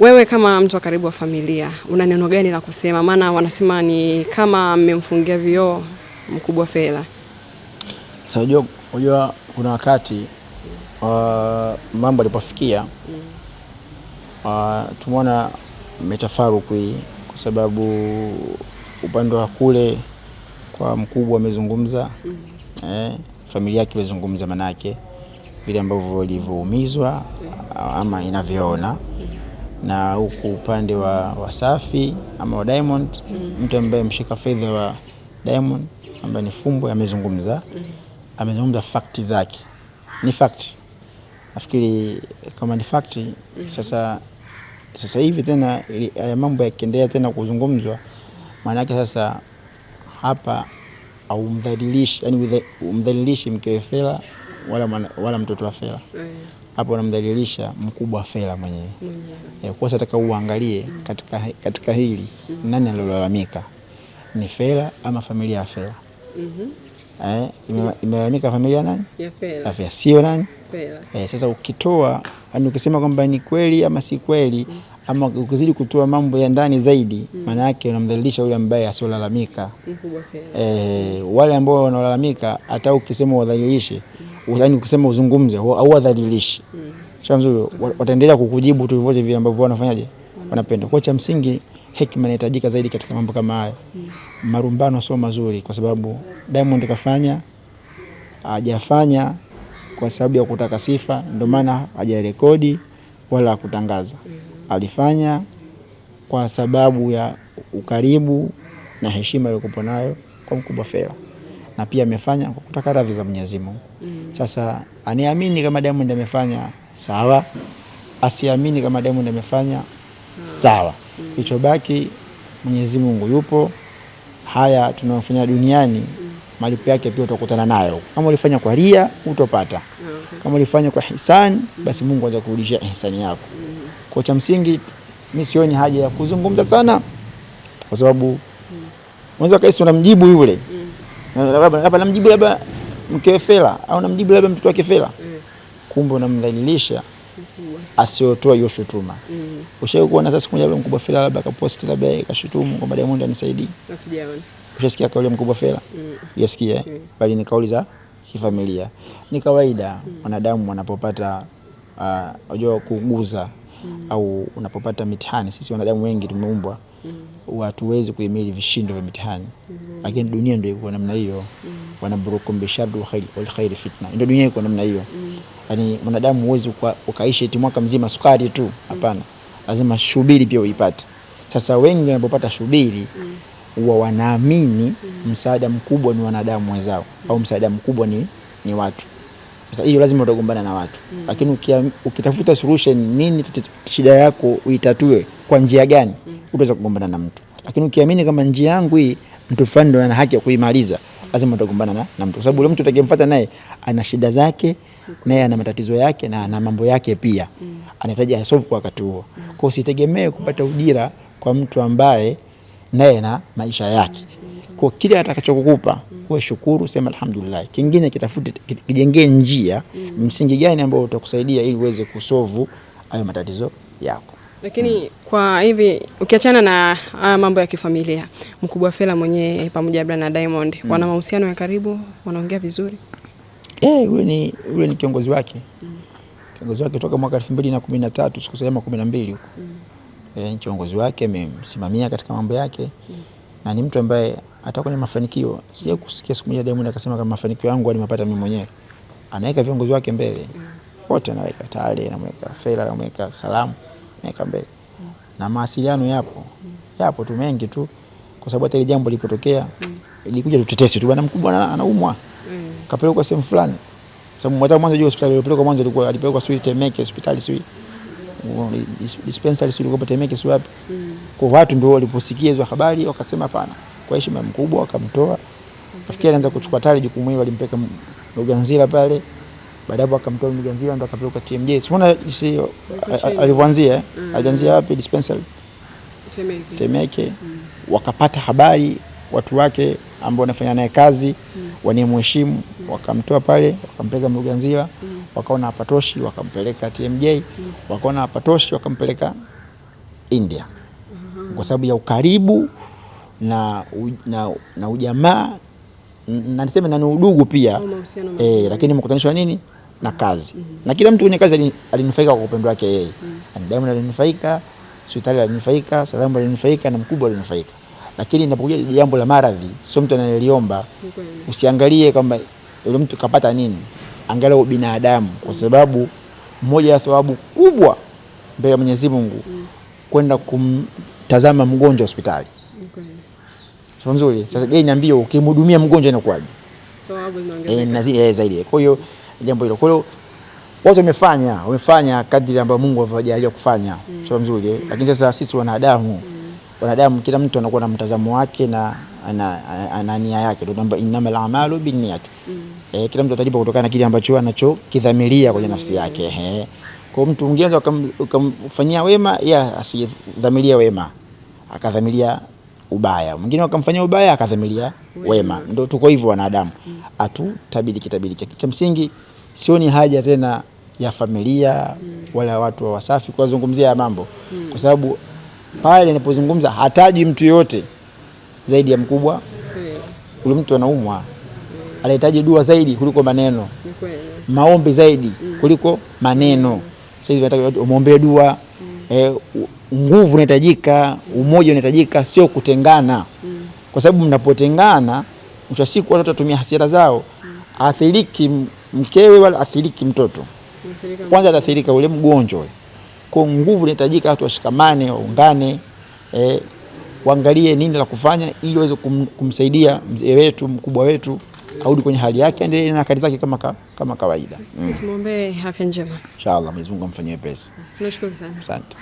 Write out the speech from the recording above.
Wewe kama mtu wa karibu wa familia, una neno gani la kusema? Maana wanasema ni kama mmemfungia vioo mkubwa fedha Sasa unajua, unajua kuna wakati uh, mambo alipofikia uh, tumeona mitafaruku hii, kwa sababu upande wa kule kwa mkubwa amezungumza mm. Eh, familia yake imezungumza, manake vile ambavyo walivyoumizwa ama inavyoona na huku upande wa Wasafi ama wa Diamond mm. mtu ambaye mshika fedha wa Diamond ambaye ni Fumbo amezungumza mm. amezungumza fakti zake, ni fakti. Nafikiri kama ni fakti mm. Mm-hmm. sasa, sasa hivi tena haya mambo yakiendelea tena kuzungumzwa, maana yake sasa hapa au mdhalilishi, yani umdhalilishi mkewe wala, wala mtoto wa Fela eh. hapo namdhalilisha mkubwa wa Fela mwenyewe yeah. Mm-hmm. Kwa sababu nataka uangalie katika, katika hili mm. nani alilalamika ni Fela ama familia ya Fela? mm -hmm. Eh, ime, imelalamika familia nani ya Fela, Fela. Sio nani Fela. Eh, sasa ukitoa yani ukisema kwamba ni kweli ama si kweli mm. ama ukizidi kutoa mambo ya ndani zaidi maana mm. yake unamdhalilisha yule ambaye asiolalamika. mkubwa fela. Eh, wale ambao wanaolalamika hata ukisema wadhalilishe yani kusema uzungumze au wadhalilishi mm. Shamzuri wataendelea kukujibu tu vivyo hivyo ambavyo wanafanyaje wanapenda. Kwa cha msingi hekima inahitajika zaidi katika mambo kama haya mm. Marumbano sio mazuri, kwa sababu Diamond kafanya hajafanya kwa sababu ya kutaka sifa, ndio maana hajarekodi wala kutangaza mm. Alifanya kwa sababu ya ukaribu na heshima aliyokuwa nayo kwa mkubwa Fella na pia amefanya kwa kutaka radhi za Mwenyezi Mungu. Mm. Sasa aniamini kama Diamond amefanya sawa, asiamini kama Diamond amefanya sawa. Mm. baki Mwenyezi Mungu yupo, haya tunayofanya duniani mm. malipo yake pia utakutana nayo. Kama ulifanya kwa ria utopata, ah, kama ulifanya kwa hisani basi Mungu atakurudishia hisani yako. Mm. Kwa cha msingi mimi sioni haja ya kuzungumza sana, kwa sababu mm. unaweza kaisi unamjibu yule labda namjibu labda mkewe Fela au namjibu labda mtoto wake Fela, mm. kumbe unamdhalilisha asiotoa hiyo shutuma. Mm. Ushawahi kuona sasa, siku moja mkubwa Fela labda akaposti labda kashutumu kwamba Diamond anisaidii? Hatujaona. Ushasikia kauli ya mkubwa Fela? Yasikia, mm. bali ni kauli za kifamilia. Ni kawaida wanadamu wanapopata ah, unajua kuguza au unapopata mitihani, sisi wanadamu wengi tumeumbwa watuwezi kuhimili vishindo vya mitihani, lakini dunia ndio iko namna hiyo. Wanaburukum bishadu wal khairi fitna, ndio dunia iko namna hiyo. Yani mwanadamu huwezi ukaishi eti mwaka mzima sukari tu, hapana, lazima shubiri pia uipate. Sasa wengi wanapopata shubiri huwa wanaamini msaada mkubwa ni wanadamu wenzao au msaada mkubwa ni, ni watu sasa hiyo lazima utagombana na watu mm. Lakini ukia, ukitafuta solution nini shida yako uitatue kwa njia gani mm. Utaweza kugombana na mtu, lakini ukiamini kama njia yangu hii mtu fulani ndio ana haki ya kuimaliza lazima utagombana na, na mtu kwa sababu yule mtu utakayemfuata naye ana shida zake mm. naye ana matatizo yake na ana mambo yake pia mm. anahitaji asolve kwa wakati huo mm. Kwa hiyo usitegemee kupata ujira kwa mtu ambaye naye na maisha yake, mm. kwa kile atakachokukupa mm we shukuru, sema alhamdulillah. Kingine kitafute, kijengee njia mm. msingi gani ambao utakusaidia ili uweze kusovu hayo matatizo yako. Lakini mm. kwa hivi ukiachana na haya ah, mambo ya kifamilia, mkubwa Fela mwenyewe pamoja labda na Diamond mm. wana mahusiano ya karibu, wanaongea vizuri eh, ule ni ule ni kiongozi wake mm. kiongozi wake toka mwaka 2013 sikusema 12 huko mm. eh, kiongozi wake amemsimamia katika mambo yake mm. na ni mtu ambaye hata kwenye mafanikio sija kusikia siku moja Diamond akasema kama mafanikio yangu nimepata mimi mwenyewe. Anaweka viongozi wake mbele wote, anaweka Tale, anaweka Fela, anaweka Salamu, anaweka mbele na mawasiliano yapo yapo tu mengi tu, kwa sababu hata ile jambo lilipotokea ilikuja tutetesi tu, bwana mkubwa anaumwa kapelekwa sehemu fulani, sababu mwanzo mwanzo juu hospitali ilipelekwa mwanzo ilikuwa alipelekwa sui Temeke hospitali sui dispensary sui ilikuwa Temeke sui wapi, kwa watu ndio waliposikia hizo habari wakasema hapana kwa heshima mkubwa wakamtoa. Nafikiri alianza kuchukua tare jukumu hilo, alimpeka Luganzila pale, baada hapo akamtoa Luganzila ndo akapeleka TMJ. Simuona si alivyoanzia, eh? mm. alianzia wapi? Dispensary Temeke, Temeke. Mm. Wakapata habari watu wake ambao wanafanya naye kazi mm. wanimheshimu mm. wakamtoa pale, wakampeleka Mloganzila mm. wakaona hapatoshi, wakampeleka TMJ mm. wakaona hapatoshi, wakampeleka India mm -hmm. kwa sababu ya ukaribu na, na, na ujamaa na niseme na udugu pia e, lakini mkutanishwa nini na kazi mm -hmm. na kila mtu kwenye kazi alinufaika kwa upendo wake yeye mm -hmm. Diamond alinufaika, hospitali alinufaika, Salamu alinufaika na mkubwa alinufaika, lakini inapokuja jambo la maradhi, sio mtu analiomba Usiangalie kwamba yule mtu kapata nini, angalia binadamu, kwa mm-hmm. sababu moja ya thawabu kubwa mbele ya Mwenyezi Mungu mm -hmm. kwenda kumtazama mgonjwa hospitali okay. Sio nzuri. Sasa je, niambie ukimhudumia mgonjwa inakuwaje? Thawabu zinaongezeka. Eh, nazidi eh, zaidi. Kwa hiyo jambo hilo. Kwa hiyo watu wamefanya, wamefanya kadri ambayo Mungu alivyojalia kufanya. mm. Sio nzuri eh? Mm. Lakini sasa sisi wanadamu mm. wanadamu kila mtu anakuwa na mtazamo wake na ana ana, nia yake, ndio kwamba innamal a'malu binniyat. Mm. Eh, kila mtu atalipa kutokana na kile ambacho anachokidhamiria kwenye nafsi yake. Mm. Eh. Kwa mtu mwingine ukamfanyia wema, yeye asidhamiria wema, akadhamiria ubaya, mwingine wakamfanyia ubaya akadhamiria wema. Ndio tuko hivyo wanadamu, hatutabiriki mm. tabiriki. Cha msingi sioni haja tena ya familia mm. wala watu wa Wasafi kuwazungumzia ya mambo, mm. kwa sababu pale ninapozungumza hataji mtu yoyote zaidi ya mkubwa. Ule mtu anaumwa, anahitaji dua zaidi kuliko maneno, maombi zaidi kuliko maneno. Sasa hivi nataka dua eh, nguvu unahitajika, umoja unahitajika, sio kutengana mm. kwa sababu mnapotengana mwisho wa siku watu watatumia hasira zao mm. athiriki mkewe wala athiriki mtoto kwanza ataathirika ule mgonjwa. Kwa nguvu inahitajika, watu washikamane, waungane, eh, waangalie nini la kufanya ili waweze kum, kumsaidia mzee wetu mkubwa wetu arudi kwenye hali yake, endelee na kazi zake kama kawaida kama kawaida. Sisi tumuombe afya njema. Inshallah Mwenyezi Mungu amfanyie pesa. Tunashukuru sana. Asante.